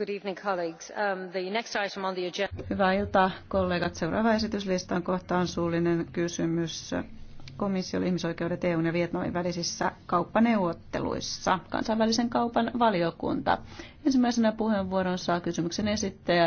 Um, Hyvää iltaa, kollegat. Seuraava esityslistan kohta on suullinen kysymys komission ihmisoikeudet EUn ja Vietnamin välisissä kauppaneuvotteluissa, kansainvälisen kaupan valiokunta. Ensimmäisenä puheenvuoron saa kysymyksen esittäjä